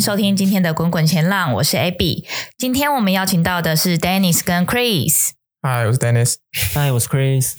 收聽今天的《滾滾前浪》，我是 Abby。今天我們邀請到的是 Dennis 跟 Chris。Hi，我是 Dennis。Hi，我是 Chris。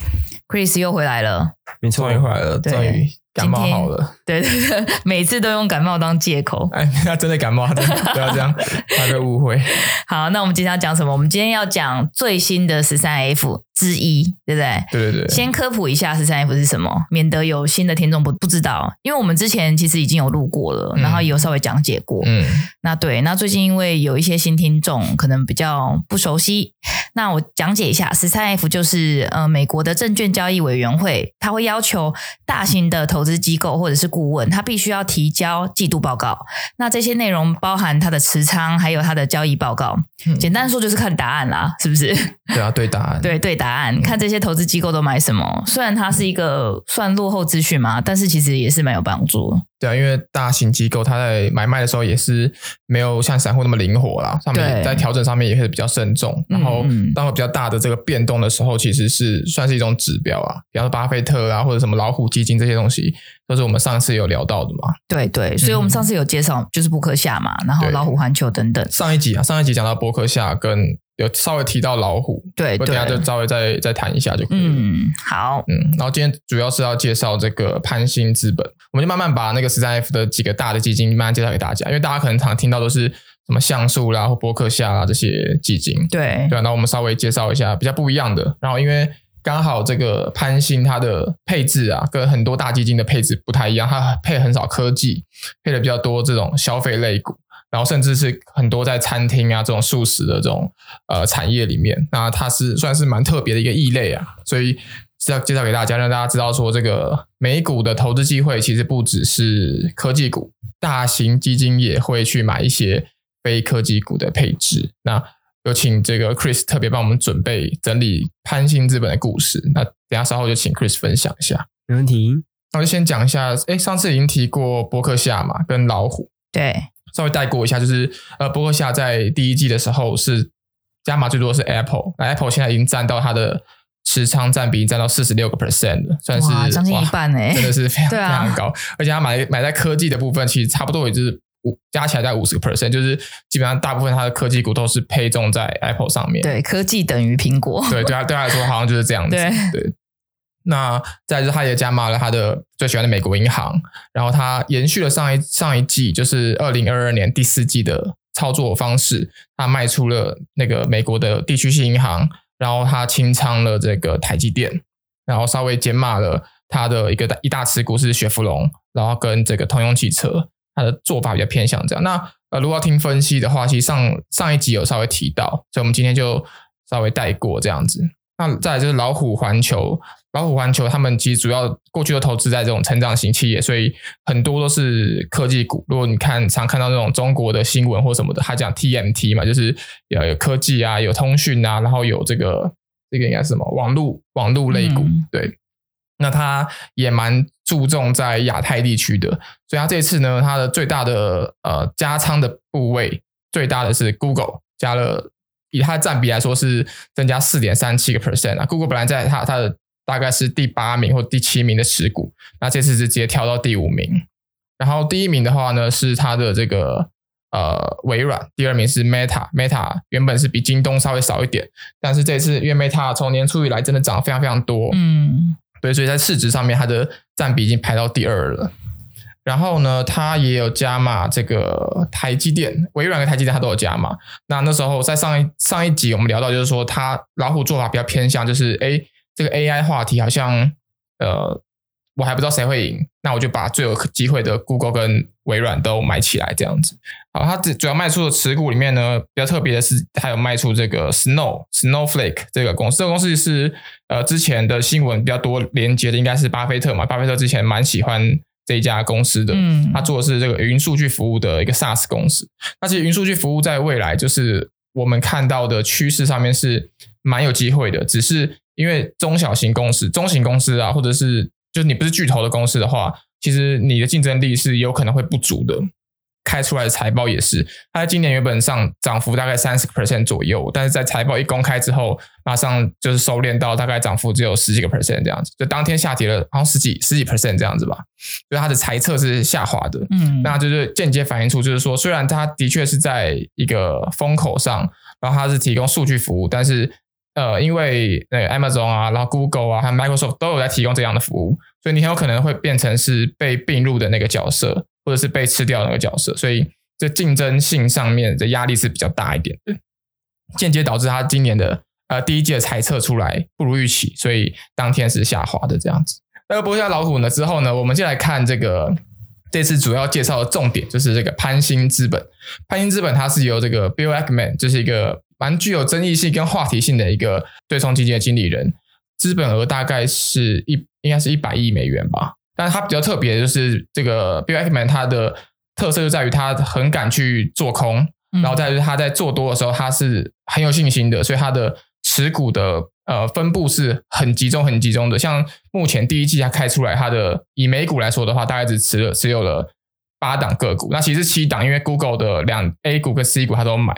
Chris 又回來了，沒錯，又回來了，終於感冒好了。對對對，每次都用感冒當借口。哎，他真的感冒，他不要這樣，怕被誤會。好，那我們今天要講什麼？我們今天要講最新的十三 F。之一，對不對？對對對。先科普一下十三 F 是什麼，免得有新的聽眾不不知道。因為我們之前其實已經有錄過了，嗯、然後也有稍微講解過。嗯，那對，那最近因為有一些新聽眾可能比較不熟悉，那我講解一下十三 F，就是呃，美國的證券交易委員會，他會要求大型的投資機構或者是顧問，他必須要提交季度報告。那這些內容包含他的持倉，還有他的交易報告。嗯、簡單說就是看答案啦，是不是？對啊，對答案， 對對答案。看這些投資機構都買什麼，雖然它是一個算落後資訊嘛，但是其實也是蠻有幫助。對啊，因為大型機構它在買賣的時候也是沒有像散戶那麼靈活啦，上面在調整上面也是比較慎重。然後當比較大的這個變動的時候，其實是算是一種指標啊，比方說巴菲特啊，或者什麼老虎基金這些東西，都是我們上次有聊到的嘛。對，對對，所以我們上次有介紹就是波克夏嘛，然後老虎環球等等。上一集啊，上一集講到波克夏跟。有稍微提到老虎，對，我等一下就稍微再再談一下就可以。嗯，好，嗯，然後今天主要是要介紹這個潘興資本，我們就慢慢把那個十三 F 的幾個大的基金慢慢介紹給大家，因為大家可能常聽到都是什麼像素啦或博客下啊這些基金，對，對、啊，然後我們稍微介紹一下比較不一樣的。然後因為剛好這個潘興它的配置啊，跟很多大基金的配置不太一樣，它配很少科技，配的比較多這種消費類股。然後甚至是很多在餐廳啊這種素食的這種呃產業裡面，那它是算是蠻特別的一個異類啊，所以是要介紹給大家，讓大家知道說這個美股的投資機會其實不只是科技股，大型基金也會去買一些非科技股的配置。那有請這個 Chris 特別幫我們準備整理潘興資本的故事。那等下稍後就請 Chris 分享一下，沒問題。那就先講一下，哎，上次已經提過伯克夏嘛，跟老虎，對。稍微帶過一下，就是呃，波克夏在第一季的時候是加碼最多的是 Apple，Apple Apple 現在已經佔到它的持倉佔比，佔到四十六個 percent 了，算是將近一半誒、欸，真的是非常、啊、非常高。而且它買買在科技的部分，其實差不多也就是五加起來在五十個 percent，就是基本上大部分它的科技股都是配重在 Apple 上面。對，科技等於蘋果。對，對它對它來說好像就是這樣子。對。對那再來就是他也加碼了他的最喜歡的美國銀行，然後他延續了上一上一季，就是二零二二年第四季的操作方式，他賣出了那個美國的地區性銀行，然後他清倉了這個台積電，然後稍微減碼了他的一個一大持股是雪佛龍，然後跟這個通用汽車，他的做法比較偏向這樣。那呃，如果要聽分析的話，其實上上一集有稍微提到，所以我們今天就稍微帶過這樣子。那再來就是老虎環球。老虎環球他們其實主要過去都投資在這種成長型企業，所以很多都是科技股。如果你看常看到那種中國的新聞或什麼的，他講 TMT 嘛，就是有有科技啊，有通訊啊，然後有這個這個應該是什麼網絡網絡類股，嗯。對，那他也蠻注重在亞太地區的，所以他這次呢，他的最大的呃加倉的部位最大的是 Google，加了，以它的佔比來說是增加四點三七個 percent 啊。Google 本來在它它的，它的大概是第八名或第七名的持股，那這次是直接跳到第五名。然後第一名的話呢，是它的這個呃微軟，第二名是 Meta。Meta 原本是比京東稍微少一點，但是這次因為 Meta 從年初以來真的漲非常非常多，嗯，對，所以在市值上面它的占比已經排到第二了。然後呢，它也有加碼這個台積電，微軟和台積電它都有加碼。那那時候在上一上一集我們聊到，就是說它老虎做法比較偏向，就是誒。這個 AI 話題好像，呃，我還不知道誰會贏，那我就把最有機會的 Google 跟微軟都買起來，這樣子。好，它主主要賣出的持股裡面呢，比較特別的是，它有賣出這個 Snow Snowflake 這個公司。這個公司是呃之前的新聞比較多連接的，應該是巴菲特嘛？巴菲特之前蠻喜歡這一家公司的，嗯，他做的是這個雲數據服務的一個 SaaS 公司。那其實雲數據服務在未來就是我們看到的趨勢上面是蠻有機會的，只是。因為中小型公司、中型公司啊，或者是就是你不是巨頭的公司的話，其實你的競爭力是有可能會不足的。開出來的財報也是，它在今年原本上漲幅大概三十個 percent 左右，但是在財報一公開之後，馬上就是收斂到大概漲幅只有十幾個 percent 這樣子，就當天下跌了好像十幾十幾 percent 這樣子吧。所以它的財測是下滑的，嗯，那就是間接反映出就是說，雖然它的確是在一個風口上，然後它是提供數據服務，但是。呃，因為那個 Amazon 啊，然後 Google 啊，還有 Microsoft 都有在提供這樣的服務，所以你很有可能會變成是被併入的那個角色，或者是被吃掉的那個角色，所以這競爭性上面的壓力是比較大一點的，間接導致他今年的呃第一季的財測出來不如預期，所以當天是下滑的這樣子。那個剝下老虎呢之後呢，我們就來看這個這次主要介紹的重點，就是這個潘興資本。潘興資本它是由這個 Bill Ackman 就是一個。蠻具有爭議性跟話題性的一個對沖基金的經理人，資本額大概是一，應該是一百億美元吧。但他比較特別的就是這個 Bill Ackman，他的特色就在於他很敢去做空，然後再是他在做多的時候，他是很有信心的，所以他的持股的呃分布是很集中很集中的。像目前第一季他開出來，他的以美股來說的話，大概只持了持有了八檔個股，那其實七檔，因為 Google 的兩 A 股跟 C 股他都買。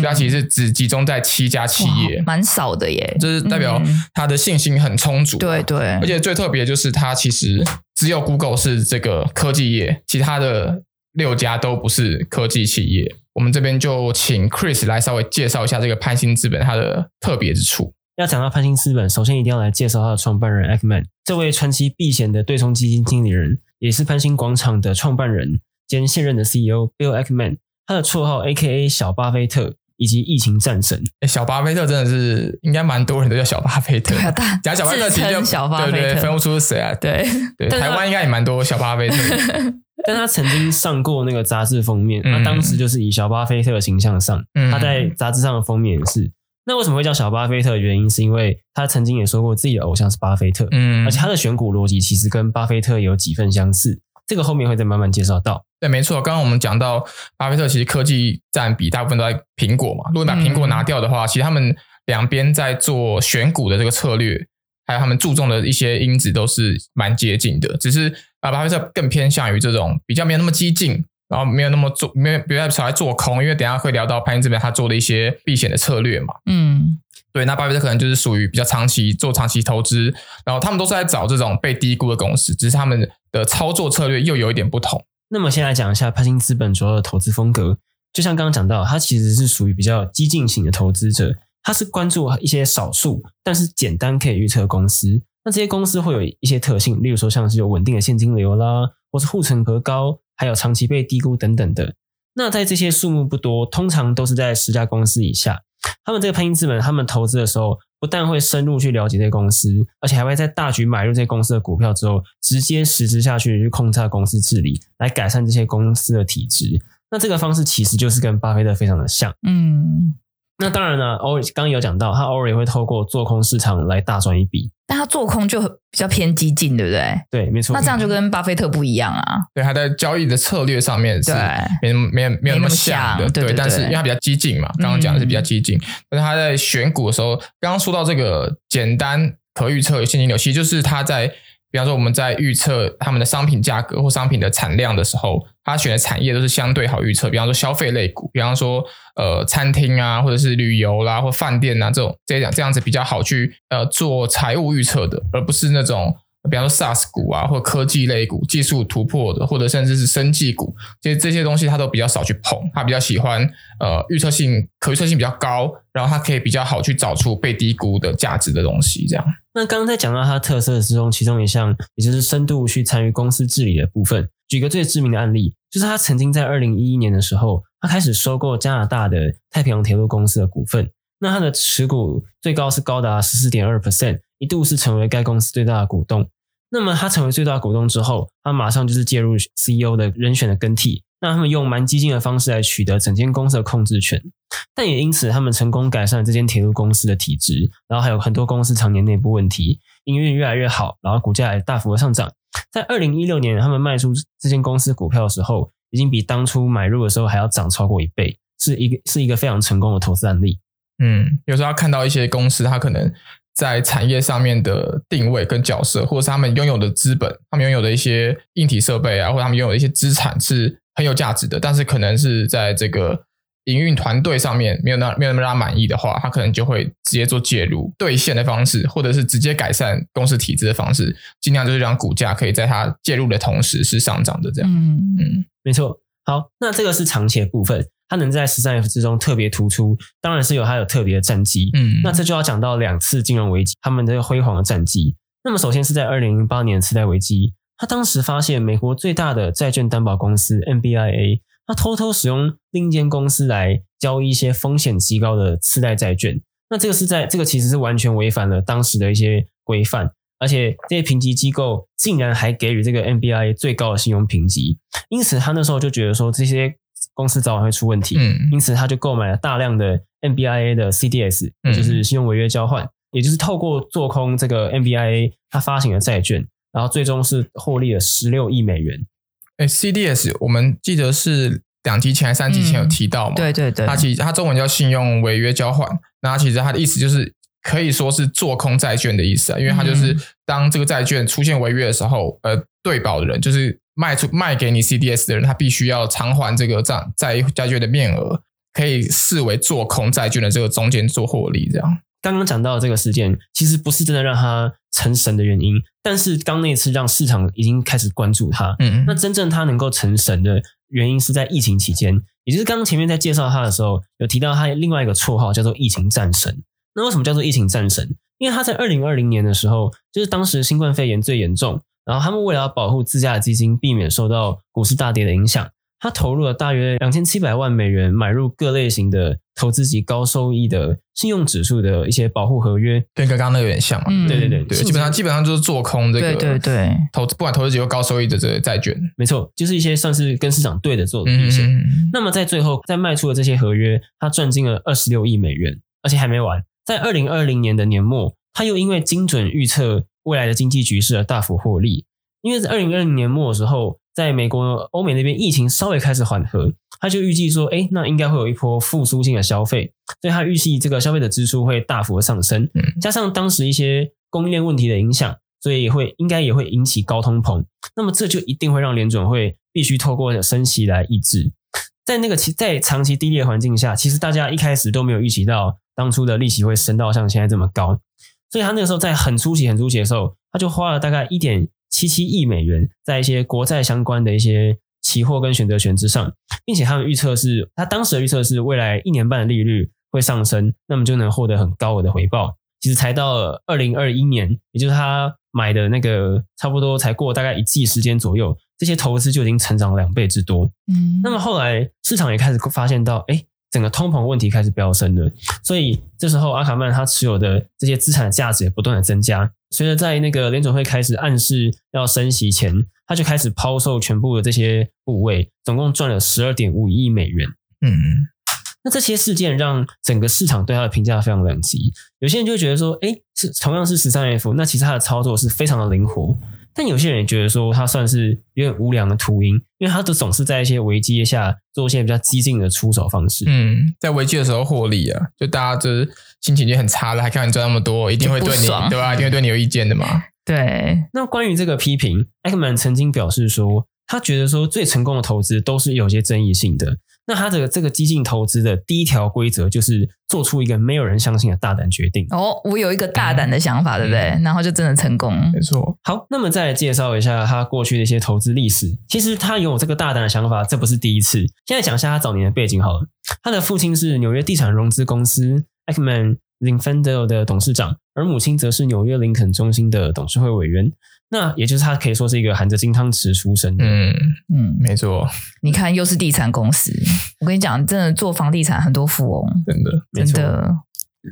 所以它其實只集中在七家企業，蠻少的耶。就是代表它的信心很充足，嗯，對對。而且最特別的就是，它其實只有 Google 是這個科技業，其他的六家都不是科技企業。我們這邊就請 Chris 來稍微介紹一下這個潘興資本它的特別之處。要講到潘興資本，首先一定要來介紹它的創辦人 Ackman，這位傳奇避險的對沖基金經理人，也是潘興廣場的創辦人兼現任的 CEO Bill Ackman，他的綽號 AKA 小巴菲特。以及疫情戰神、欸，小巴菲特真的是應該蠻多人都叫小巴菲特。講、啊、小巴菲特形象，對對，對，分不出是誰啊？對對，對，台灣應該也蠻多小巴菲特。啊、 但他曾經上過那個雜誌封面，他、嗯啊、當時就是以小巴菲特的形象上。嗯、他在雜誌上的封面也是、嗯、那為什麼會叫小巴菲特？原因是因為他曾經也說過自己的偶像，是巴菲特、嗯。而且他的選股邏輯其實跟巴菲特有幾分相似，這個後面會再慢慢介紹到。對，沒錯。剛剛我們講到巴菲特，其實科技佔比大部分都在蘋果嘛。如果把蘋果拿掉的話、嗯，其實他們兩邊在做選股的這個策略，還有他們注重的一些因子都是蠻接近的。只是啊，巴菲特更偏向於這種比較沒有那麼激進，然後沒有那麼做，沒有比較少在做空。因為等一下會聊到潘興這邊他做的一些避險的策略嘛。嗯，對。那巴菲特可能就是屬於比較長期做長期投資，然後他們都是在找這種被低估的公司，只是他們的操作策略又有一點不同。那麼先來講一下潘興資本主要的投資風格，就像剛剛講到，它其實是屬於比較激進型的投資者，它是關注一些少數但是簡單可以預測公司。那這些公司會有一些特性，例如說像是有穩定的現金流啦，或是護城河高，還有長期被低估等等的。那在這些數目不多，通常都是在十家公司以下。他們這個潘興資本，他們投資的時候，不但會深入去了解這些公司，而且還會在大舉買入這些公司的股票之後，直接實施下去去控制公司治理，來改善這些公司的體質。那這個方式其實就是跟巴菲特非常的像。嗯。那當然了，Ori 剛有講到，他偶爾也會透過做空市場來大賺一筆。但他做空就比較偏激進，對不對？對，沒錯。那這樣就跟巴菲特不一樣啊。嗯、對，他在交易的策略上面是沒沒沒有那麼想的，沒那麼想，對對對，對。但是因為他比較激進嘛，剛剛講的是比較激進、嗯。但是他在選股的時候，剛剛說到這個簡單可預測現金流，其實就是他在。比方說，我們在預測他們的商品價格或商品的產量的時候，他選的產業都是相對好預測。比方說消費類股，比方說呃餐廳啊，或者是旅遊啦、啊、或飯店吶、啊、這種這樣這樣子比較好去呃做財務預測的，而不是那種。比方說 SaaS 股啊，或科技類股、技術突破的，或者甚至是生技股，其實這些東西他都比較少去碰，他比較喜歡呃預測性、可預測性比較高，然後他可以比較好去找出被低估的價值的東西。這樣。那剛剛在講到他的特色之中，其中一項也就是深度去參與公司治理的部分。舉個最知名的案例，就是他曾經在二零一一年的時候，他開始收購加拿大的太平洋鐵路公司的股份。那他的持股最高是高達十四點二 percent。一度是成為該公司最大的股東。那麼他成為最大的股東之後，他馬上就是介入 CEO 的人選的更替。那他們用蠻激進的方式來取得整間公司的控制權，但也因此他們成功改善這間鐵路公司的體質，然後還有很多公司常年內部問題，營運越來越好，然後股價也大幅的上漲。在二零一六年，他們賣出這間公司股票的時候，已經比當初買入的時候還要漲超過一倍，是一個是一個非常成功的投資案例。嗯，有時候他看到一些公司，他可能。在產業上面的定位跟角色，或者是他們擁有的資本，他們擁有的一些硬體設備啊，或者他們擁有的一些資產是很有價值的，但是可能是在這個營運團隊上面沒有那沒有那麼讓他滿意的話，他可能就會直接做介入兌現的方式，或者是直接改善公司體制的方式，盡量就是讓股價可以在它介入的同時是上漲的這樣。嗯嗯，沒錯。好，那這個是長期的部分。他能在十三 F 之中特別突出，當然是有他有特別的戰績。嗯，那這就要講到兩次金融危機，他們的輝煌的戰績。那麼首先是在二零零八年的次貸危機，他當時發現美國最大的債券擔保公司 MBIA，他偷偷使用另一間公司來交易一些風險極高的次貸債券。那這個是在這個其實是完全違反了當時的一些規範，而且這些評級機構竟然還給予這個 MBIA 最高的信用評級。因此他那時候就覺得說這些。公司早晚會出問題，嗯、因此他就購買了大量的 M B I A 的 C D S，嗯、就是信用違約交換、嗯，也就是透過做空這個 M B I A 他發行的債券，然後最終是獲利了十六億美元。哎、欸、C D S 我們記得是兩集前還是三集前有提到嘛、嗯？對對對，它其實它中文叫信用違約交換，那他其實它的意思就是可以說是做空債券的意思啊，因為它就是當這個債券出現違約的時候、嗯，呃，對保的人就是。賣出賣給你 CDS 的人，他必須要償還這個債，債債券的面額可以視為做空債券的這個中間做獲利這樣。剛剛講到這個事件，其實不是真的讓他成神的原因，但是剛那次讓市場已經開始關注他。嗯，那真正他能夠成神的原因是在疫情期間，也就是剛剛前面在介紹他的時候，有提到他另外一個綽號叫做“疫情戰神”。那為什麼叫做“疫情戰神”？因為他在二零二零年的時候，就是當時新冠肺炎最嚴重。然後他們為了要保護自家的基金，避免受到股市大跌的影響，他投入了大約兩千七百萬美元買入各類型的投資級高收益的信用指數的一些保護合約，跟剛剛那個有點像嘛？嗯、對對對，對，對基本上基本上就是做空這個，對對對，投資不管投資級或高收益的這個債券，對對對，沒錯，就是一些算是跟市場對着做的一些、嗯嗯、那麼在最後，在賣出了這些合約，他賺進了二十六億美元，而且還沒完，在二零二零年的年末，他又因為精準預測。未來的經濟局勢而大幅獲利，因為在二零二零年末的時候，在美國、歐美那邊疫情稍微開始緩和，他就預計說：“哎，那應該會有一波復甦性的消費。”所以，他預計這個消費的支出會大幅的上升，加上當時一些供應鏈問題的影響，所以會應該也會引起高通膨。那麼，這就一定會讓聯準會必須透過升息來抑制。在那個其在長期低利的環境下，其實大家一開始都沒有預期到，當初的利息會升到像現在這麼高。所以他那個時候在很初期、很初期的時候，他就花了大概一點七七億美元在一些國債相關的一些期貨跟選擇權之上，並且他們預測是，他當時的預測是未來一年半的利率會上升，那麼就能獲得很高額的回報。其實才到二零二一年，也就是他買的那個差不多才過了大概一季時間左右，這些投資就已經成長了兩倍之多。嗯，那麼後來市場也開始發現到，哎。整個通膨問題開始飆升了，所以這時候阿卡曼他持有的這些資產的價值也不斷的增加。隨着在那個聯總會開始暗示要升息前，他就開始拋售全部的這些部位，總共賺了十二點五億美元。嗯，那這些事件讓整個市場對他的評價非常冷靜，有些人就會覺得說，哎，是同樣是十三 F，那其實他的操作是非常的靈活。但有些人也覺得說他算是有點無良的禿鷹，因為他都總是在一些危機下做一些比較激進的出手方式。嗯，在危機的時候獲利啊，就大家就是心情已經很差了，還看你賺那麼多，一定會對你對吧，對啊？一定會對你有意見的嘛。對。那關於這個批評，艾克曼曾經表示說，他覺得說最成功的投資都是有些爭議性的。那他這個這個激進投資的第一條規則就是做出一個沒有人相信的大膽決定。哦，我有一個大膽的想法，對、嗯、不對？然後就真的成功。沒錯。好，那麼再介紹一下他過去的一些投資歷史。其實他有這個大膽的想法，這不是第一次。現在講一下他早年的背景好了。他的父親是紐約地產融資公司 Ackman Linfandel 的董事長，而母親則是紐約林肯中心的董事會委員。那也就是他可以說是一個含着金湯匙出生的。嗯，嗯嗯，沒錯。你看，又是地產公司。 我跟你講，真的做房地產很多富翁，真的，真的。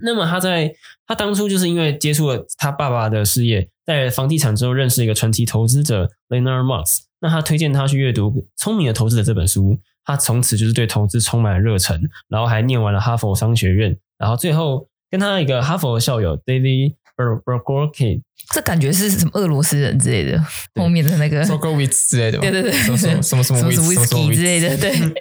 那麼他在他當初就是因為接觸了他爸爸的事業，在房地產之後認識一個傳奇投資者 Leonard Marks。那他推薦他去閱讀《聰明的投資者》這本書。他從此就是對投資充滿了熱忱，然後還念完了哈佛商學院，然後最後跟他一個哈佛校友 David。Berkowitz 這感覺是什麼俄羅斯人之類的？後面的那個 s o g e with 之類的對對對，什麼什麼什麼 whisky 之類的對，對。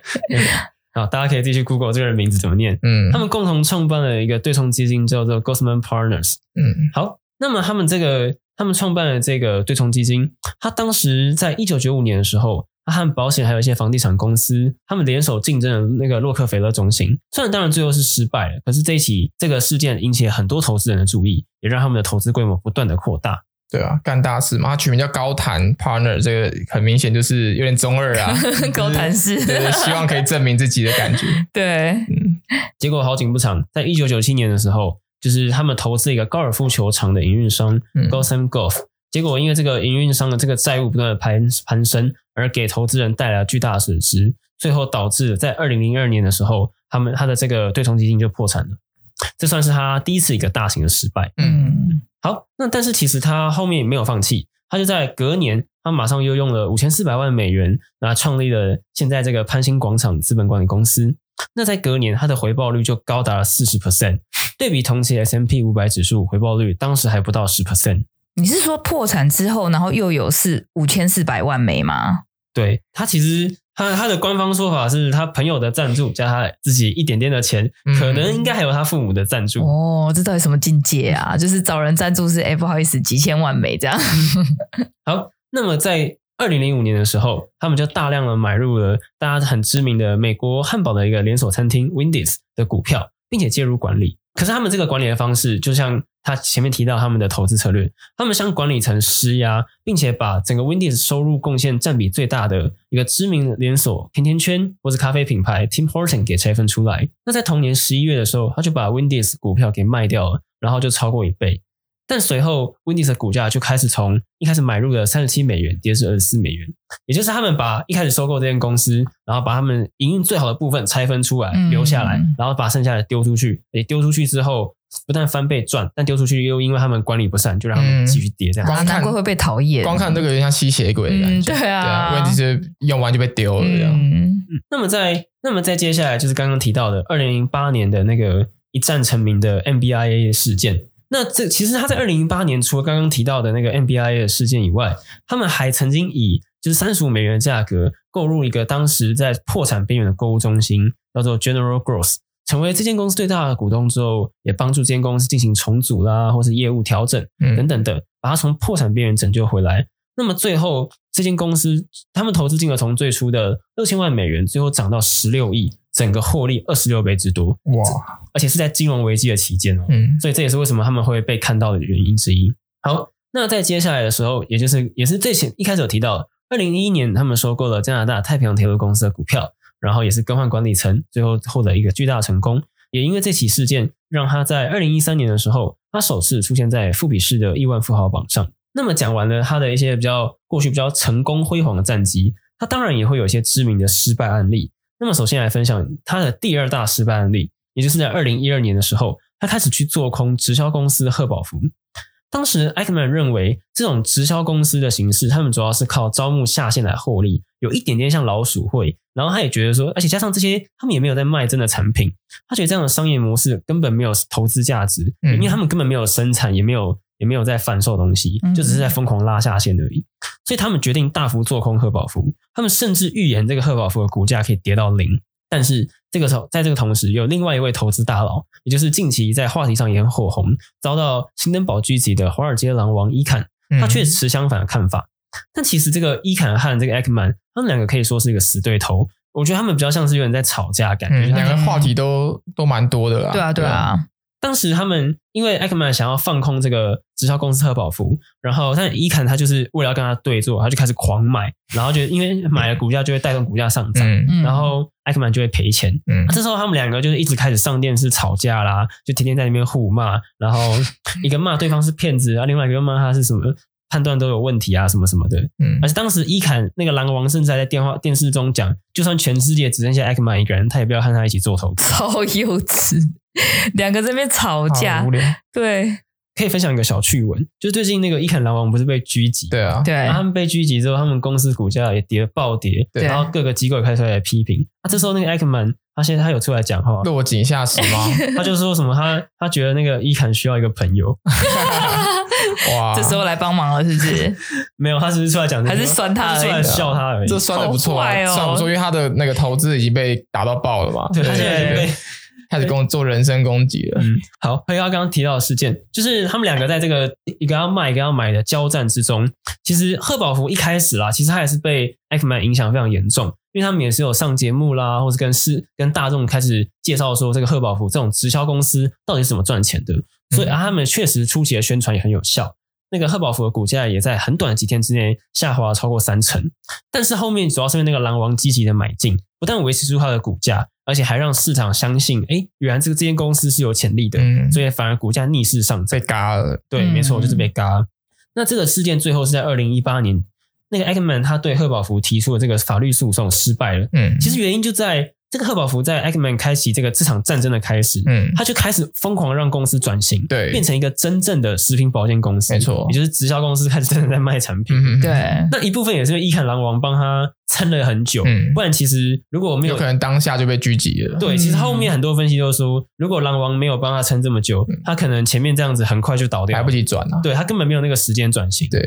好，大家可以自己去 Google 這個人名字怎麼念。嗯，他們共同創辦了一個對沖基金，叫做 Gotham Partners。嗯，好，那麼他們這個，他們創辦了這個對沖基金，他當時在一九九五年的時候。和保險還有一些房地產公司，他們聯手競爭那個洛克菲勒中心。雖然當然最後是失敗了，可是這一起這個事件引起了很多投資人的注意，也讓他們的投資規模不斷的擴大。對啊，幹大事嘛！他取名叫高譚 partner，這個很明顯就是有點中二啊。 高譚市，就是對對對，希望可以證明自己的感覺。 對、嗯，結果好景不長，在一九九七年的時候，就是他們投資一個高爾夫球場的營運商 Gotham Golf。結果，因為這個營運商的這個債務不斷的攀攀升，而給投資人帶來巨大的損失，最後導致在二零零二年的時候，他們他的這個對沖基金就破產了。這算是他第一次一個大型的失敗。嗯，好，那但是其實他後面也沒有放棄，他就在隔年，他馬上又用了五千四百萬美元，那創立了現在這個潘興廣場資本管理公司。那在隔年，他的回報率就高達了四十 percent，對比同期 S&P 五百指數回報率，當時還不到十 percent。你是說破產之後，然後又有四五千四百萬枚嗎？對他，他，其實他他的官方說法是他朋友的贊助加他自己一點點的錢，嗯，可能應該還有他父母的贊助。哦，這到底什麼境界啊？就是找人贊助是哎、欸，不好意思，幾千萬枚這樣。 好，那麼在二零零五年的時候，他們就大量的買入了大家很知名的美國漢堡的一個連鎖餐廳 Wendy's 的股票，並且介入管理。可是他們這個管理的方式，就像他前面提到他們的投資策略，他們向管理層施壓，並且把整個 Wendy's 收入貢獻佔比最大的一個知名連鎖甜甜圈或者咖啡品牌 Tim Hortons 給拆分出來。那在同年十一月的時候，他就把 Wendy's 股票給賣掉了，然後就超過一倍。但隨後 Wendy's 的股價就開始從一開始買入的三十七美元跌至二十四美元，也就是他們把一開始收購這間公司，然後把他們營運最好的部分拆分出來留下來，然後把剩下的丟出去。也丟出去之後，不但翻倍賺，但丟出去又因為他們管理不善，就讓他們繼續跌。這樣光看會不會被討厭？光看這個有點像吸血鬼的感覺。嗯、對啊，Wendy's 用完就被丟了這樣。那麼在那麼在接下來就是剛剛提到的二零零八年的那個一戰成名的 MBIA 事件。那這其實他在二零零八年，除了剛剛提到的那個 MBIA 事件以外，他們還曾經以就是三十五美元的價格購入一個當時在破產邊緣的購物中心，叫做 General Growth，成為這間公司最大的股東之後，也幫助這間公司進行重組啦，或是業務調整等等等，把它從破產邊緣拯救回來。那麼最後這間公司他們投資金額從最初的六千萬美元，最後漲到十六億。整個獲利二十六倍之多，哇！而且是在金融危機的期間哦，嗯，所以這也是為什麼他們會被看到的原因之一。好，那在接下來的時候，也就是也是最前一開始有提到，二零一一年他們收購了加拿大太平洋鐵路公司的股票，然後也是更換管理層，最後獲得一個巨大的成功。也因為這起事件，讓他在二零一三年的時候，他首次出現在富比士的億萬富豪榜上。那麼講完了他的一些比較過去比較成功輝煌的戰績，他當然也會有一些知名的失敗案例。那麼，首先來分享他的第二大失敗案例，也就是在二零一二年的時候，他開始去做空直銷公司賀寶芙。當時，艾克曼認為這種直銷公司的形式，他們主要是靠招募下線來獲利，有一點點像老鼠會。然後，他也覺得說，而且加上這些，他們也沒有在賣真的產品。他覺得這樣的商業模式根本沒有投資價值，因為他們根本沒有生產，也沒有。也沒有在販售東西，就只是在瘋狂拉下線而已、嗯。所以他們決定大幅做空賀寶芙，他們甚至預言這個賀寶芙的股價可以跌到零。但是這個時候，在這個同時，有另外一位投資大佬，也就是近期在話題上也很火紅、遭到興登堡狙擊的華爾街狼王伊坎，他卻持相反的看法、嗯。但其實這個伊坎和這個艾克曼，他們兩個可以說是一個死對頭。我覺得他們比較像是有點在吵架感，兩、嗯、個話題都、嗯、都蠻多的啦。對啊，對啊。對當時他們因為艾克曼想要放空這個直銷公司賀寶芙，然後，但伊坎他就是為了要跟他對做，他就開始狂買，然後就因為買了股價就會帶動股價上漲、嗯，然後艾克曼就會賠錢、嗯啊。這時候他們兩個就是一直開始上電視吵架啦，就天天在那邊互罵，然後一個罵對方是騙子，啊，另外一個罵他是什麼判斷都有問題啊，什麼什麼的。而且當時伊坎那個狼王甚至還在電話電視中講，就算全世界只剩下艾克曼一個人，他也不要和他一起做投資、啊，好幼稚。兩個這邊吵架無聊，對，可以分享一個小趣聞，就最近那個伊坎狼王不是被狙擊，對啊，對，他們被狙擊之後，他們公司股價也跌了暴跌，對，然後各個機構也開始來批評他、啊。這時候那個 e c 艾克曼，他現在他有出來講話，對落井下石嗎？ 他就說什麼他他覺得那個伊坎需要一個朋友，哈哈哈哈哇， 這時候來幫忙了是不是？ 沒有，他只是，是出來講，還是酸他的，他出來笑他而已。這酸得不錯啊，酸、喔、不錯，因為他的那個投資已經被打到爆了嘛，對對對。他開始跟我做人身攻擊了。嗯，好，回到剛剛提到的事件，就是他們兩個在這個一個要賣一個要買的交戰之中，其實賀寶芙一開始啦，其實他也是被艾克曼影響非常嚴重，因為他們也是有上節目啦，或是跟是跟大眾開始介紹說這個賀寶芙這種直銷公司到底是怎麼賺錢的，所以啊他們確實初期的宣傳也很有效，嗯、那個賀寶芙的股價也在很短的幾天之內下滑了超過三成，但是後面主要是因為那個狼王積極的買進。不但維持住它的股價，而且還讓市場相信，哎、欸，原來這個這間公司是有潛力的、嗯，所以反而股價逆勢上漲。被嘎了，對，沒錯，就是被嘎了、嗯。那這個事件最後是在二零一八年，那個 Ackman 他對賀寶福提出的這個法律訴訟失敗了。嗯，其實原因就在。這個賀寶芙在 Ackman 開啟這個這場戰爭的開始，嗯，他就開始瘋狂讓公司轉型，對，變成一個真正的食品保健公司，沒錯，也就是直銷公司開始真的在賣產品、嗯，對。那一部分也是因為伊坎狼王幫他撐了很久，嗯、不然其實如果沒有有，有可能當下就被狙擊了。對，其實後面很多分析都說，如果狼王沒有幫他撐這麼久，嗯、他可能前面這樣子很快就倒掉，來不及轉了、啊。對他根本沒有那個時間轉型。對，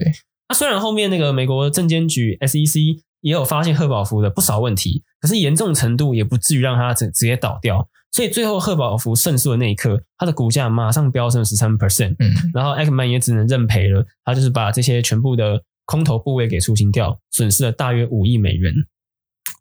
那、啊、雖然後面那個美國證監局 SEC 也有發現賀寶芙的不少問題。可是嚴重程度也不至於讓他直直接倒掉，所以最後賀寶福勝訴的那一刻，他的股價馬上飆升了十三 percent。嗯，然後、Ackman、也只能認賠了，他就是把這些全部的空頭部位給出清掉，損失了大約五億美元。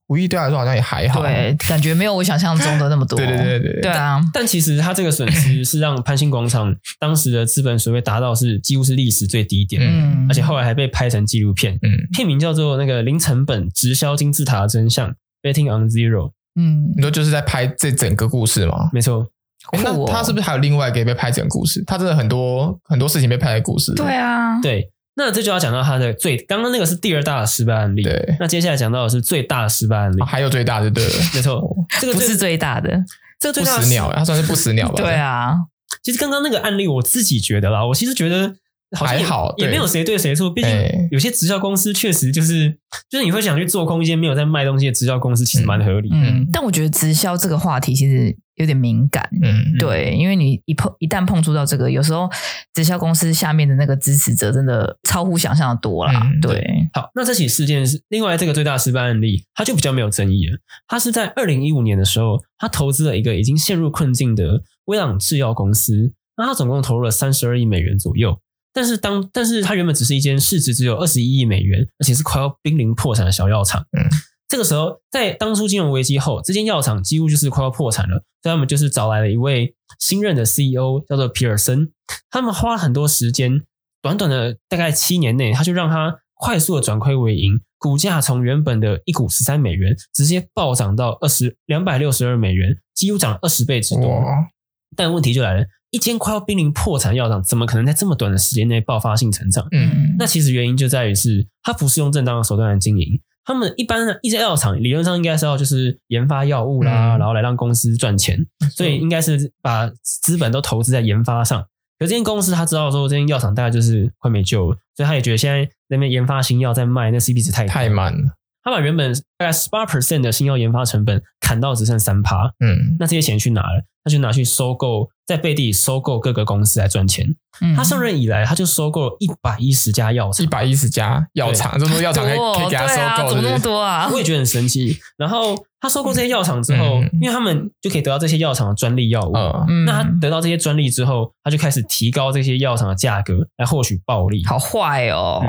五億對他來說好像也還好，對，感覺沒有我想象中的那麼多。 對，對，對對對啊。但其實他這個損失是讓潘興廣場當時的資本水位達到的是幾乎是歷史最低點，嗯，而且後來還被拍成紀錄片、嗯，片名叫做《那個零成本直銷金字塔的真相》。Betting on zero，嗯，你說就是在拍這整個故事嗎？沒錯、欸，那他是不是還有另外一個被拍整個故事、哦？他真的很多很多事情被拍成故事。對啊，對，那這就要講到他的最剛剛那個是第二大的失敗案例。對，那接下來講到的是最大的失敗案例，啊、還有最大的對的， 沒錯，這個就是最大的，這個最大的不死鳥，他算是不死鳥吧？ 對啊，其實剛剛那個案例，我自己覺得啦，我其實覺得。好還好，也沒有誰對誰錯。畢竟有些直銷公司確實就是、欸、就是你會想去做空一些沒有在賣東西的直銷公司，其實蠻合理的嗯。嗯，但我覺得直銷這個話題其實有點敏感。嗯，對，因為你一碰一旦碰觸到這個，有時候直銷公司下面的那個支持者真的超乎想象的多啦、嗯。對，好，那這起事件是另外這個最大失敗案例，它就比較沒有爭議了。它是在二零一五年的時候，它投資了一個已經陷入困境的威朗制藥公司。那它總共投入了三十二億美元左右。但是當，但是它原本只是一間市值只有二十一億美元，而且是快要瀕臨破產的小藥廠。嗯，這個時候，在當初金融危機後，這間藥廠幾乎就是快要破產了。所以他們就是找來了一位新任的 CEO，叫做皮爾森。他們花了很多時間，短短的大概七年內，他就讓他快速的轉虧為盈，股價從原本的一股十三美元，直接暴漲到二十兩百六十二美元，幾乎漲了二十倍之多。但問題就來了。一間快要瀕臨破產的藥廠，怎麼可能在這麼短的時間內爆發性成長？嗯，那其實原因就在於是它不是用正當的手段來經營。他們一般一間藥廠理論上應該是要就是研發藥物啦、嗯，然後來讓公司賺錢、嗯，所以應該是把資本都投資在研發上。可這間公司他知道說，這間藥廠大概就是快沒救了，所以他也覺得現在在那邊研發新藥在賣，那 CP 值太太慢了，他把原本大概十八 percent 的新藥研發成本砍到只剩三趴，嗯，那這些錢去哪了？他就拿去收購，在背地裡收購各個公司來賺錢、嗯。他上任以來，他就收購了一百一十家藥廠，一百一十家藥廠，這麼多藥廠可以給他收購，對、啊、是是怎麼那麼多啊，我也覺得很神奇。然後他收購這些藥廠之後、嗯，因為他們就可以得到這些藥廠的專利藥物、嗯。那他得到這些專利之後，他就開始提高這些藥廠的價格來獲取暴利。好壞哦！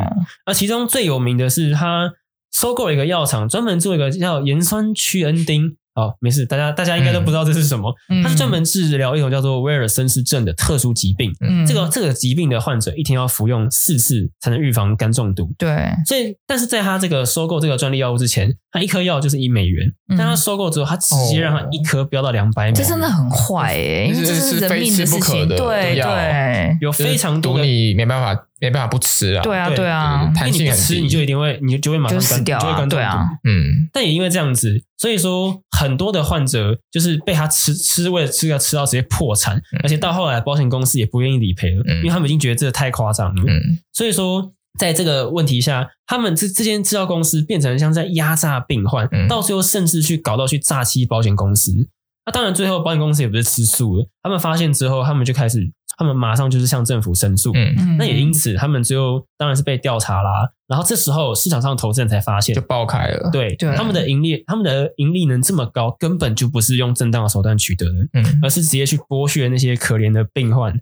那、嗯、其中最有名的是他。收購一個藥廠，專門做一個叫鹽酸曲恩丁。哦，沒事，大家大家應該都不知道這是什麼。它，嗯嗯、是專門治療一種叫做威爾森氏症的特殊疾病。嗯，這個這個疾病的患者，一天要服用四次才能預防肝中毒。對，所以但是在他這個收購這個專利藥物之前，他一顆藥就是一美元。嗯，但他收購之後，他直接讓他一顆飆到兩百美元，哦。這真的很壞誒、欸就是，因為這是人命的事情。對對，對有非常多、就是、你沒辦法。沒辦法不吃啊！對啊對啊，因為你不吃，你就一定會，你就會馬上掛就死掉，啊就會掛掛。對啊，嗯。但也因為這樣子，所以說很多的患者就是被他吃吃為了吃藥吃到直接破產，嗯，而且到後來保險公司也不願意理賠了，嗯，因為他們已經覺得這個太誇張了，嗯。所以說，在這個問題下，他們這這間製藥公司變成像在壓榨病患，嗯，到最後甚至去搞到去詐欺保險公司。那，嗯啊，當然，最後保險公司也不是吃素的，他們發現之後，他們就開始。他們馬上就是向政府申訴、嗯，那也因此他們就當然是被調查啦、啊。然後這時候市場上投資人才發現，就爆開了對。對，他們的盈利，他們的盈利能這麼高，根本就不是用正當的手段取得的，嗯、而是直接去剝削那些可憐的病患。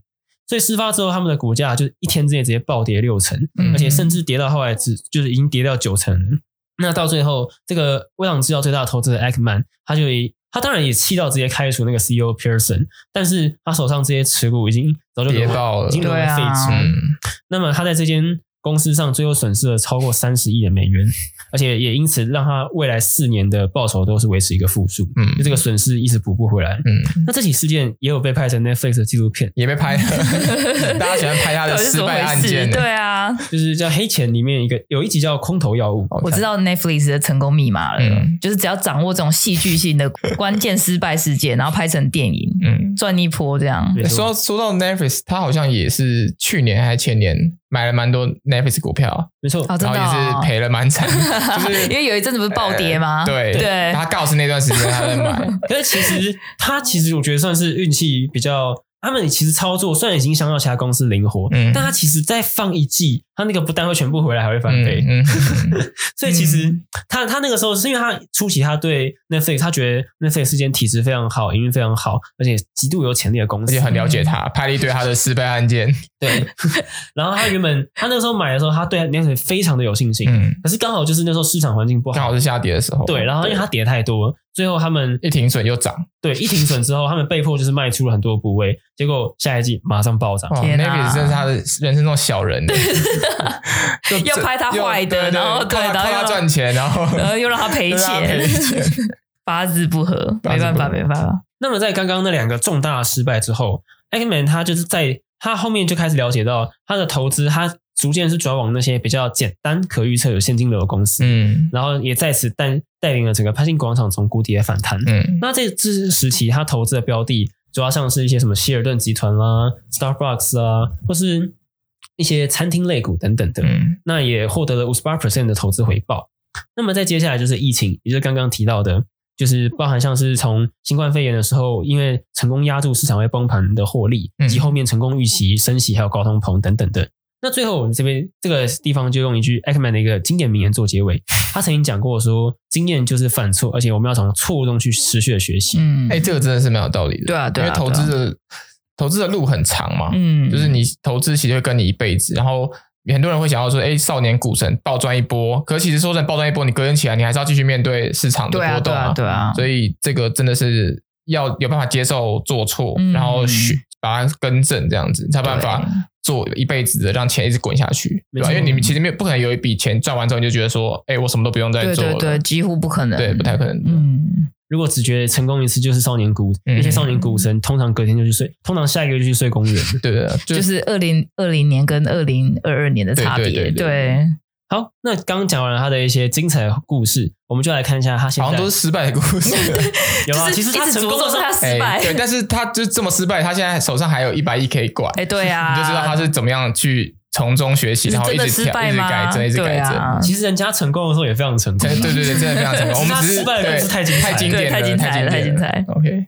所以事發之後，他們的股價就一天之內直接暴跌六成、嗯，而且甚至跌到後來只就是已經跌到九成了。那到最後，這個威朗製藥最大的投資人艾克曼，他就以他當然也氣到直接開除那個 CEO Pearson，但是他手上這些持股已經早就跌爆了，已經淪為廢紙。那麼他在這間公司上最後損失了超過三十億的美元，而且也因此讓他未來四年的報酬都是維持一個負數。嗯，就這個損失一直補不回來。嗯，那這起事件也有被拍成 Netflix 的紀錄片，也被拍。呵呵 大家喜歡拍他的失敗案件對事。對啊，就是叫《黑錢》裡面一個有一集叫《空頭藥物》。我知道 Netflix 的成功密碼了，嗯，就是只要掌握這種戲劇性的關鍵失敗事件，然後拍成電影，嗯，賺一波這樣。對對對，說到說到 Netflix，他好像也是去年還是前年。買了蠻多 Netflix 股票，沒錯，哦哦，然後也是賠了蠻慘，就是 因為有一陣子不是暴跌嗎？對、呃、對，對他告訴那段時間他在買，但 是其實他其實我覺得算是運氣比較，他們其實操作雖然已經相較其他公司靈活、嗯，但他其實再放一季。他那個不但會全部回來，還會翻倍。嗯嗯嗯、 所以其實他、嗯、他那個時候是因為他初期，他對 Netflix，他覺得 Netflix 是間體質非常好、營運非常好，而且極度有潛力的公司。很了解他，拍了一堆他的失敗案件。 對。 然後他原本他那個時候買的時候，他對 Netflix 非常的有信心。嗯。可是剛好就是那時候市場環境不好，剛好是下跌的時候。對。然後因為他跌太多，最後他們一停損又漲。對。一停損之後，他們被迫就是賣出了很多部位，結果下一季馬上暴漲、哦。天吶、啊！Netflix、真的是他的人生那種小人、欸。 又拍他壞的，然後對、對，然後、他、然後他賺錢，然後然後又讓他賠錢、他賠錢 八，八字不合，沒辦法，沒辦法。那麼在剛剛那兩個重大的失敗之後，Ackman 他就是在他後面就開始了解到他的投資，他逐漸是轉往那些比較簡單、可預測、有現金流的公司。嗯，然後也再次帶帶領了整個潘興廣場從谷底反彈。嗯，那這這時期他投資的標的，主要像是一些什麼希爾頓集團啦、Starbucks 啊，或是。一些餐廳類股等等的，嗯、那也獲得了五十八 percent 的投資回報。那麼再接下來就是疫情，也就是剛剛提到的，就是包含像是從新冠肺炎的時候，因為成功押注市場會崩盤的獲利，以及後面成功預期升息，還有高通膨等等的。嗯、那最後我們這邊這個地方就用一句艾克曼的一個經典名言做結尾。他曾經講過說，經驗就是犯錯，而且我們要從錯誤中去持續的學習。嗯，哎、欸，這個真的是蠻有道理的。對啊，對啊對啊對啊，因為投資的、就是。投資的路很長嘛，嗯，就是你投資其實會跟你一輩子，然後很多人會想要說，哎、欸，少年股神暴賺一波，可是其實說真暴賺一波，你隔天起來你還是要繼續面對市場的波動啊，對啊，對啊，對啊，所以這個真的是要有辦法接受做錯，然後去、嗯、把它更正，這樣子你才辦法做一輩子的讓錢一直滾下去對，對吧？因為你們其實沒有不可能有一筆錢賺完之後你就覺得說，哎、欸，我什麼都不用再做了。對對，幾乎不可能，對，不太可能，嗯。如果只覺得成功一次就是少年股神，那、嗯、些少年股神通常隔天就去睡，通常下一個月就去睡公園。對、啊就，就是二零二零年跟二零二二年的差別，對對對對對。對，好，那剛、剛講完了他的一些精彩的故事，我們就來看一下他現在好像都是失敗的故事。 有吧、 就是、其實他是成功都是 他失敗、欸，對，但是他就這麼失敗，他現在手上還有一百億可以管。哎、欸，對啊。 你就知道他是怎麼樣去。從中學習，然後一直改，一直改。整、啊。其實人家成功的時候也非常成功，對對，對對，真的非常成功。我們失敗的時候是太精彩，太精彩，太精彩，太精彩，太精彩了。OK，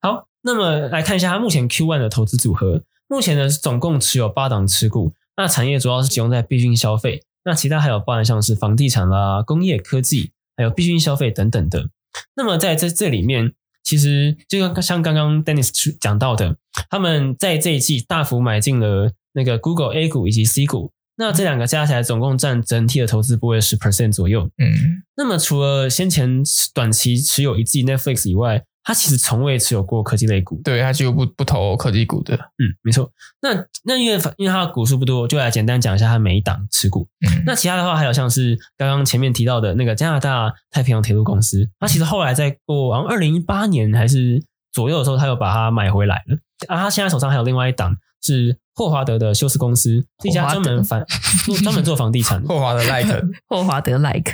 好，那麼來看一下他目前 Q one 的投資組合，目前呢總共持有八檔持股，那產業主要是集中在必需消費，那其他還有包含像是房地產啦、工業科技，還有必需消費等等的。那麼在這這裡面，其實就像像剛剛 Dennis 講到的，他們在這一季大幅買進了。那個 Google A 股以及 C 股，那這兩個加起來總共占整體的投資不會十 percent 左右。嗯，那麼除了先前短期持有一季 Netflix 以外，他其實從未持有過科技類股。對，他就不不投科技股的。嗯，沒錯。那那因為因為他的股數不多，就來簡單講一下他每一檔持股、嗯。那其他的話還有像是剛剛前面提到的那個加拿大太平洋鐵路公司，它其實後來在過好像二零一八年還是左右的時候，他又把它買回來了。啊，他現在手上還有另外一檔是。霍華德的休斯公司是一家專門房做專門做房地產的。霍華德萊、like、克，霍華德萊克。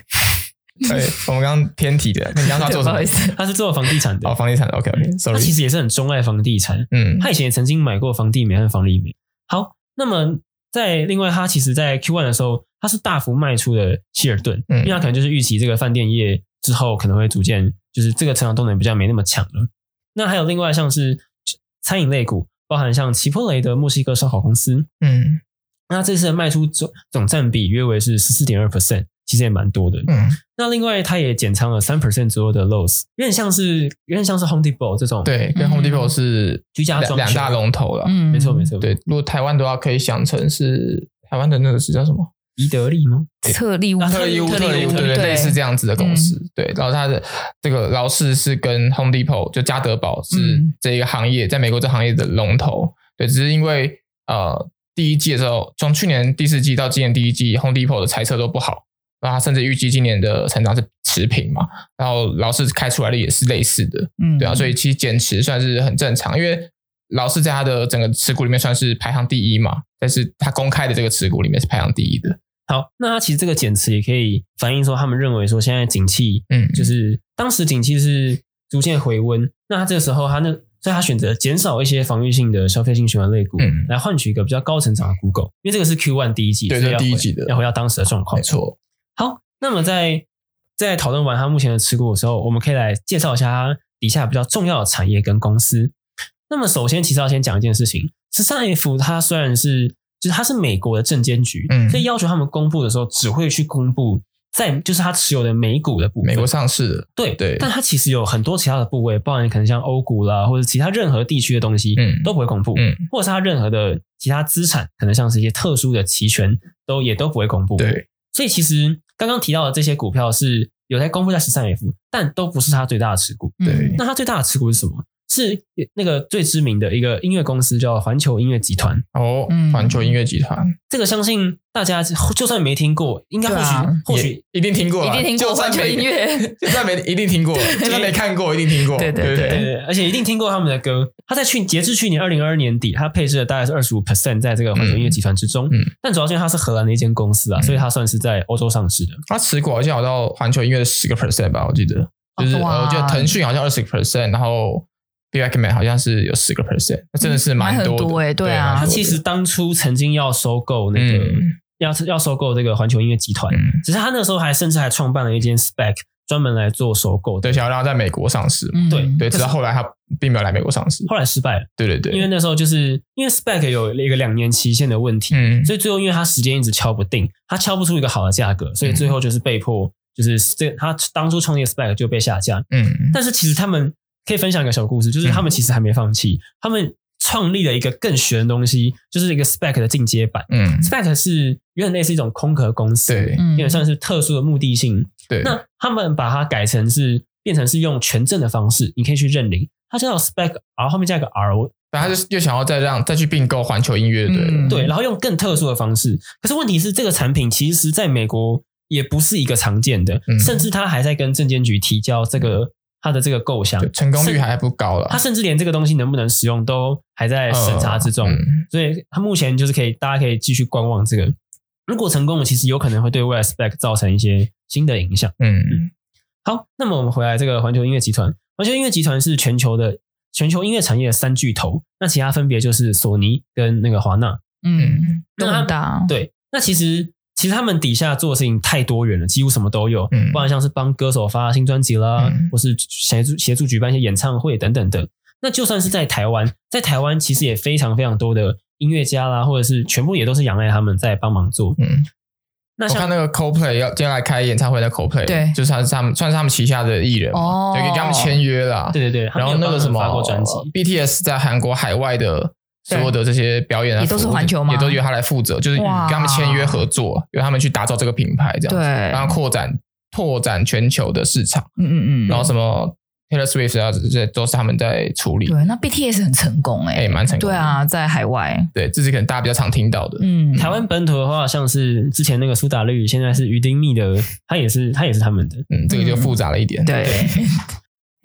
對，我們剛剛偏題了。他做啥？他是做房地產的。哦，房地產的。OK，OK、okay, okay,。他其實也是很鍾愛房地產。嗯，他以前也曾經買過房地美和房利美。好，那麼在另外，他其實在 Q one 的時候，他是大幅賣出的希爾頓，因為他可能就是預期這個飯店業之後可能會逐漸就是這個成長動能比較沒那麼強了。那還有另外像是餐飲類股。包含像奇波雷的墨西哥燒烤公司，嗯，那這次的賣出總總占比約為是十四點二 percent，其實也蠻多的，嗯，那另外它也減倉了三 percent 左右的 Lowe's 有點像是有點像是 Home Depot 這種，對，跟 Home Depot、嗯、是居家裝兩大龍頭了、嗯，沒錯沒錯，對，如果台灣的話可以想成是台灣的那個是叫什麼？宜得利嗎？特力屋，特力屋，特力屋，對類似這樣子的公司，嗯、對。然後它的這個勞氏是跟 Home Depot 就家得寶是這一個行業、嗯，在美國這行業的龍頭，對。只是因為呃，第一季的時候，從去年第四季到今年第一季，Home Depot 的財報都不好，啊，甚至預計今年的成長是持平嘛。然後勞氏開出來的也是類似的，嗯，對啊，所以其實減持算是很正常，因為勞氏在他的整個持股裡面算是排行第一嘛，但是他公開的這個持股裡面是排行第一的。好，那他其實這個減持也可以反映說，他們認為說現在景氣，嗯，就是當時景氣是逐漸回溫，嗯、那他這個時候他那所以他選擇減少一些防御性的消費性循環類股、嗯，來換取一個比較高成長的 Google，因為這個是 Q1 第一季，對對，所以要這第一季的要回到當時的狀況，沒錯。好，那麼在在討論完他目前的持股的時候，我們可以來介紹一下它底下比較重要的產業跟公司。那麼首先，其實要先講一件事情，13F 他雖然是。就是它是美國的證監局、嗯，所以要求他們公布的時候，只會去公布在就是他持有的美股的部分，美國上市的，對對。但他其實有很多其他的部位，包含可能像歐股啦，或者其他任何地區的東西，嗯，都不會公布，嗯，或者是他任何的其他資產，可能像是一些特殊的期權，都也都不會公布，對。所以其實剛剛提到的這些股票是有在公布在 13F，但都不是他最大的持股，對。那他最大的持股是什麼？是那個最知名的一個音樂公司，叫環球音樂集團。哦，嗯，環球音樂集團，這個相信大家就算沒聽過，應該或許、啊、或許一定聽過、啊一定聽過，一定聽過。環球音樂，就算沒一定聽過， 就算沒看過，一定聽過。對對對，對，對，對，對，而且一定聽過他們的歌。他在去截至去年二零二二年底，他配置了大概是二十五 percent 在這個環球音樂集團之中嗯。嗯，但主要因為它是荷蘭的一間公司啊，嗯、所以它算是在歐洲上市的。它持股好像好到環球音樂的十個 percent 吧，我記得。就是我覺得騰訊好像二十 percent，然後。好像是有10個 percent，那真的是蠻多的。嗯多欸、對啊。他其實當初曾經要收購那個，嗯、要要收購這個環球音樂集團、嗯，只是他那時候還甚至還創辦了一間 SPAC，專門來做收購，對，想要讓他在美國上市、嗯。對對，直到後來他並沒有來美國上市，後來失敗了。對對對，因為那時候就是因為 SPAC 有一個兩年期限的問題、嗯，所以最後因為他時間一直敲不定，他敲不出一個好的價格，所以最後就是被迫就是這個、他當初創業 SPAC 就被下架。嗯，但是其實他們。可以分享一個小故事，就是他們其實還沒放棄、嗯，他們創立了一個更玄的東西，就是一個 SPAC 的進階版。嗯，SPAC 是原本類似一種空殼公司，對，有點像是特殊的目的性。對、嗯，那他們把它改成是變成是用權證的方式，你可以去認領。它叫 SPAC，然後後面加一個 R，然後他就又想要再讓再去併購環球音樂，對、嗯、對，然後用更特殊的方式。可是問題是，這個產品其實在美國也不是一個常見的，嗯、甚至他還在跟證監局提交這個。它的這個構想成功率還不高了，它甚至連這個東西能不能使用都還在審查之中、呃嗯，所以它目前就是可以，大家可以繼續觀望這個。如果成功了，其實有可能會對 Wall Street 造成一些新的影響、嗯。嗯，好，那麼我們回來這個環球音樂集團，環球音樂集團是全球的全球音樂產業的三巨頭，那其他分別就是索尼跟那個華納。嗯，老大。對，那其實。其實他們底下做的事情太多元了，幾乎什麼都有。嗯、不然像是幫歌手發新專輯啦，嗯、或是協助協助舉辦一些演唱會等等等那就算是在台灣，在台灣其實也非常非常多的音樂家啦，或者是全部也都是仰賴他們在幫忙做。嗯，那像那個 Coldplay 要接下來開演唱會的 Coldplay，對，就是他們算是他們旗下的藝人，對、哦，給他們簽約啦。對對對。然後那個什麼，發、哦、過專輯，BTS 在韓國海外的。所有的這些表演也都是環球嘛，也都由他來負責，就是跟他們簽約合作，由他們去打造這個品牌，這樣子對，然後擴展拓展全球的市場。嗯嗯嗯。然後什麼 Taylor Swift 啊，這些都是他們在處理。對，那 BTS 很成功誒、欸、哎、欸，蠻成功。對啊，在海外。對，這是可能大家比較常聽到的。嗯。嗯，台灣本土的話，像是之前那個蘇打綠，現在是魚丁糸的，他也是他也是他們的。嗯，這個就複雜了一點。嗯、對。對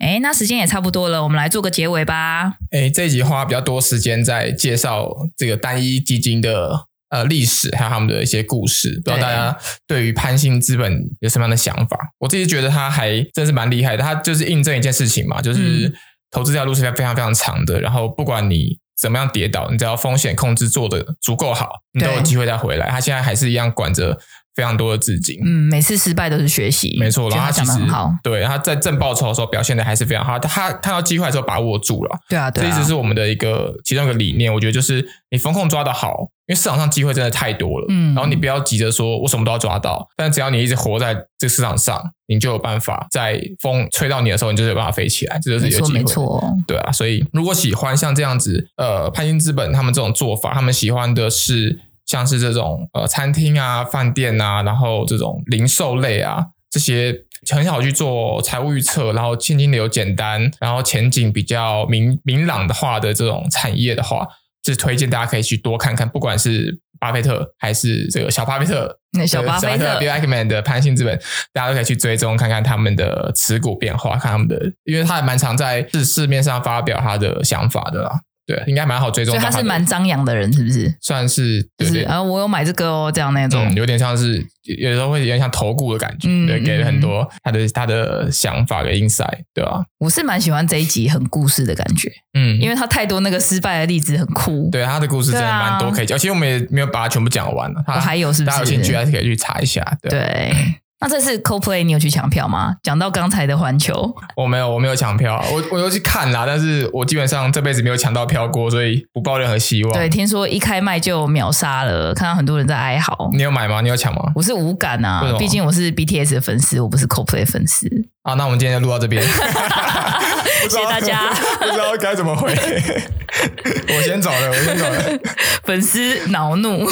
哎，那時間也差不多了，我們來做個結尾吧。哎，這一集花比較多時間在介紹這個單一基金的呃歷史，還有他們的一些故事。不知道大家對於潘興資本有什麼樣的想法？我自己覺得他還真是蠻厲害的。他就是印證一件事情嘛，就是投資這條路是非常非常長的，嗯。然後不管你怎麼樣跌倒，你只要風險控制做得足夠好，你都有機會再回來。他現在還是一樣管着。非常多的資金，嗯，每次失敗都是學習，沒錯。然後他想的很好，對，他在正報酬的時候表現的還是非常好。他他看到機會的時候把握住了，啊，對啊，這一直是我們的一個其中一個理念。我覺得就是你風控抓得好，因為市場上機會真的太多了，嗯，然後你不要急着說我什麼都要抓到，但只要你一直活在這個市場上，你就有辦法在風吹到你的時候，你就有辦法飛起來。這就是有機會。沒錯，沒錯，對啊。所以如果喜歡像這樣子，呃，潘興資本他們這種做法，他們喜歡的是。像是這種呃，餐廳啊、飯店啊，然後這種零售類啊，這些很少去做財務預測，然後現金流簡單，然後前景比較明明朗的話的這種產業的話，就推薦大家可以去多看看。不管是巴菲特還是這個小巴菲特，那小巴菲特，小巴菲特 Bill Ackman 的潘興資本，大家都可以去追蹤看看他們的持股變化，看他們的，因為他也蠻常在市市面上發表他的想法的啦。對，應該蠻好追蹤的。所以他是蠻張揚的人，是不是？算是，對，對是啊，我有買這個哦，這樣那種，嗯，有點像是有的時候會有點像投顧的感覺，嗯，對，給了很多他的，嗯、他的想法的 insight，對吧、啊？我是蠻喜歡這一集很故事的感覺，嗯，因為他太多那個失敗的例子很酷，嗯、對他的故事真的蠻多可以講。其實、啊、我們也沒有把它全部講完了，他還有是不是，大家有興趣還是可以去查一下，對、啊。對那這次 Coldplay 你有去搶票嗎？講到剛才的環球，我沒有，我沒有搶票，我我又去看啦，但是我基本上這輩子沒有搶到票過，所以不抱任何希望。對，聽說一開賣就秒殺了，看到很多人在哀嚎。你有買嗎？你有搶嗎？我是無感啊，畢竟我是 BTS 的粉絲，我不是 Coldplay 粉絲。啊，那我們今天就錄到這邊。 謝謝大家不，不知道該怎麼回， 我先走了，我先走了。 粉絲絲惱惱怒，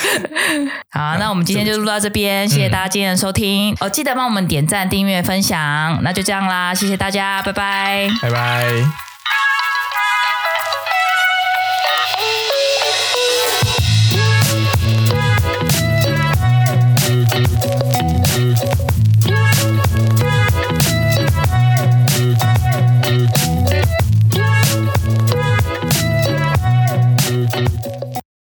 好，那我們今天就錄到這邊，嗯、謝謝大家今天的收聽，哦，記得幫我們點讚、訂閱、分享，那就這樣啦，謝謝大家，拜拜，拜拜。